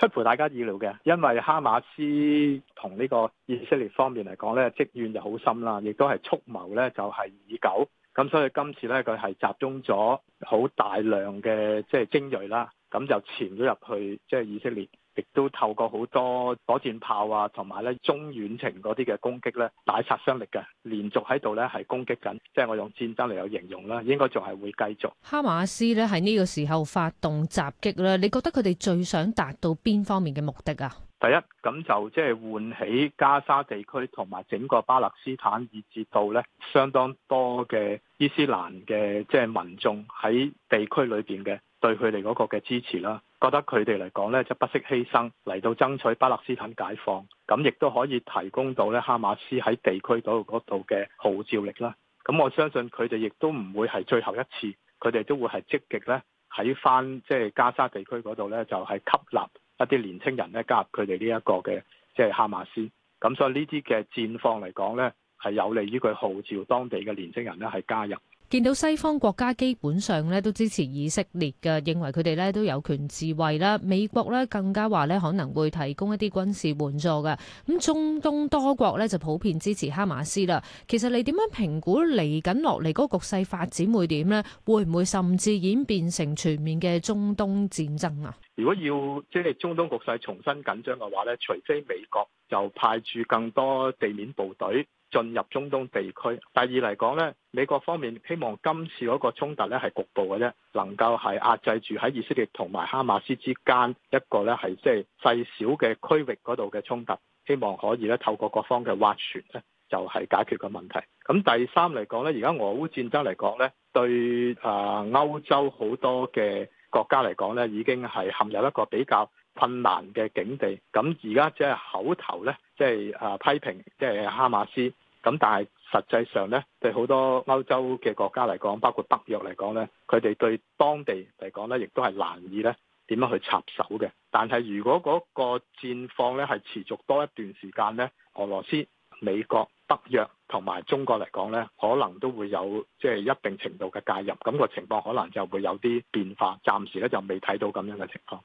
出乎大家意料嘅，因為哈馬斯同呢個以色列方面嚟講呢，積怨就好深啦，亦都係蓄謀呢就係已久，咁所以今次呢，佢係集中咗好大量嘅即係精鋭啦。咁就潛咗入去，即係以色列，亦都透過好多火箭炮啊，同埋咧中遠程嗰啲嘅攻擊咧，大殺傷力嘅，連續喺度咧係攻擊緊，即係我用戰爭嚟有形容啦，應該仲係會繼續。哈馬斯咧喺呢個時候發動襲擊咧，你覺得佢哋最想達到邊方面嘅目的啊？第一，咁就即係喚起加沙地區同埋整個巴勒斯坦以至到咧相當多嘅伊斯蘭嘅即係民眾喺地區裏邊嘅。對佢哋嗰個嘅支持啦，覺得佢哋嚟講呢，就不惜犧牲嚟到爭取巴勒斯坦解放，咁亦都可以提供到呢哈馬斯喺地區嗰度嗰度嘅號召力啦。咁我相信佢哋亦都唔會係最後一次，佢哋都會係積極呢喺返即係加沙地區嗰度呢，就係吸納一啲年青人呢，加入佢哋呢一個嘅即係哈馬斯。咁所以呢啲嘅戰況嚟講呢，係有利於佢號召當地嘅年青人呢，係加入。見到西方國家基本上咧都支持以色列嘅，認為佢哋咧都有權自衛啦。美國咧更加話咧可能會提供一啲軍事援助嘅。咁中東多國咧就普遍支持哈馬斯啦。其實你點樣評估嚟緊落嚟嗰個局勢發展會點呢？會唔會甚至演變成全面嘅中東戰爭啊？如果要即係中東局勢重新緊張嘅話咧，除非美國就派駐更多地面部隊。進入中東地區。第二嚟講呢美國方面希望今次嗰個衝突呢係局部嘅啫，能夠係壓制住喺以色列同埋哈馬斯之間一個呢係即係細小嘅區域嗰度嘅衝突，希望可以呢透過各方嘅斡旋呢就係解決個問題。咁第三嚟講呢而家俄烏戰爭嚟講呢對啊歐洲好多嘅國家嚟講呢已經係陷入一個比較困難嘅境地。咁而家只係口頭呢，即係啊批評即係哈馬斯。咁但係實際上咧，對好多歐洲嘅國家嚟講，包括北約嚟講咧，佢哋對當地嚟講咧，亦都係難以咧點樣去插手嘅。但係如果嗰個戰況咧係持續多一段時間咧，俄羅斯、美國、北約同埋中國嚟講咧，可能都會有即係一定程度嘅介入。咁個情況可能就會有啲變化。暫時咧就未睇到咁樣嘅情況。